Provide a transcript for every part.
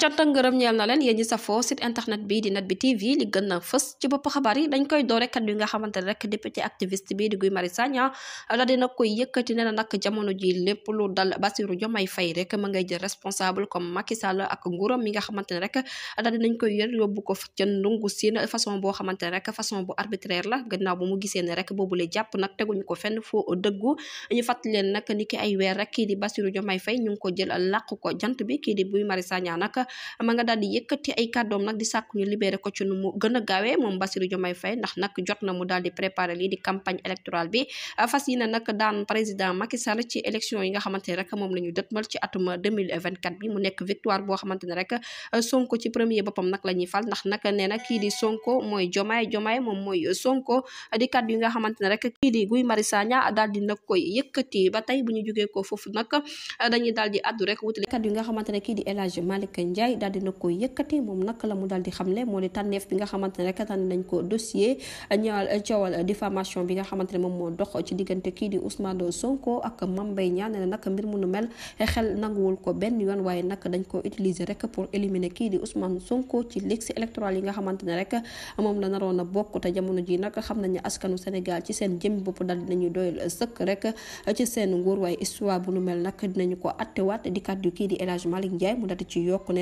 canta ngërëm ñeel na leen yéen ñi safoo internet bi di net bi tv li gën a fës ci bopp xabaar yi dañ koy doore kaddu yi nga xamante ne rek député activiste bi di Guy Marius Sagna la dina koy ne na nag ji lépp lu dal Bassirou Diomaye Faye rek ma ngay jël responsable comme Macky Sall ak nguuram mi nga xamante ne rek la dinañ koy yër yóbbu ko ca ndungu siin façon boo xamante ne rek façon bu arbitraire la gannaaw bu mu gisee ne rek boobule jàpp nag teguñu ko fenn foo dëggu ñu fàttali leen na ni ki ay weer rek kii di Bassirou Diomaye Faye ñu ngi ko jël a làq ko jant bi kii di Guy Marius Sagna nag ma nga daal di yëkkati ay kàddoom nag di sàkku ñu libéré ko ci nu mu gën a gaawee moom Bassirou Diomaye Faye ndax nag jot na mu daal di préparé lii di campagne électorale bi fas yi na nag daan président Macky ci élection yi nga xamante rek moom nekk victoire fal ndax nag nee kii di Sonko mooy Diomaye Diomaye moom mooy Sonko di kàddu yi nga xamante rek kii di Guy Marius Sagna di nag koy yëkkati ba tey bu ñu jógee ko foofu nag dañuy di Ndiaye daal dina koy yëkkati moom nag la mu daal di xamle moo di tànneef bi nga xamante ne rek nañ ko dossier ñaal coowal bi nga xamante ne moom moo dox ci diggante kii di Ousmane Sonko ak Mame Mbaye Niang nag mbir mu nu mel xel nanguwul ko benn yoon waaye nag dañ ko utiliser rek pour éliminer kii di Ousmane Sonko ci liste électorale yi nga xamante ne rek moom la naroon a bokk te jamono ji nag xam nañu askanu Sénégal ci seen jëm bopp daal dinañuy doy sëkk rek ci seen nguur waaye histoire bu nu mel nag dinañu ko attewaat di kàddu kii di El Hadj Malick Ndiaye mu daal di ci yokk ne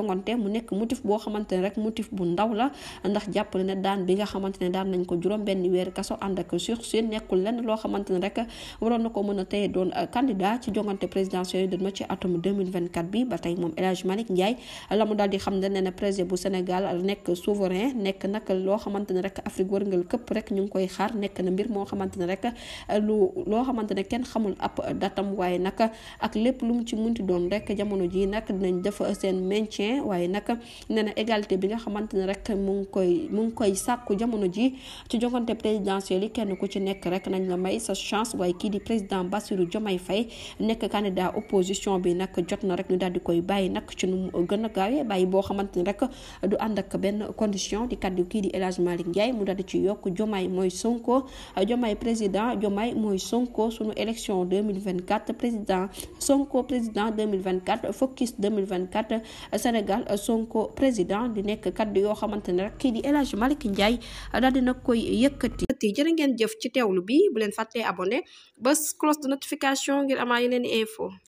jongante mu nekk motif boo xamante ne rek motif bu ndaw la ndax jàpp ne daan bi nga xamante daan nañ ko juróom benn weer kaso ànd ak sursis nekkul lenn loo xamante rek waroon a tey këpp ñu ngi koy xaar nekk na mbir moo xamante rek loo xamante kenn xamul ab datam waaye nag ak lépp lu ci munti doon rek jamono ji nag dinañ def seen maintien bien waaye nag nee na égalité bi nga xamante ne rek mu ngi koy mu ngi koy sàkku jamono ji ci jongante présidentielle yi kenn ku ci nekk rek nañ la may sa chance waaye kii di président Bassirou Diomaye Faye nekk candidat opposition bi nag jot na rek ñu daal di koy bàyyi nag ci nu mu gën a gaawee bàyyi boo xamante ne rek du ànd ak benn condition di kàddu kii di El Hadj Malick Ndiaye mu daal di ci yokk Diomaye mooy Sonko Diomaye président Diomaye mooy Sonko sunu élection 2024 président Sonko président 2024 focus 2024 Sénégal Sénégal euh, Sonko président di nekk kaddu yoo xamante ne rek kii di El Hadj a Ndiaye euh, daal dina koy yëkkati jërë ngeen jëf ci teewlu bi bu leen fàttee abonné bés cloche de notification ngir amaa yeneen info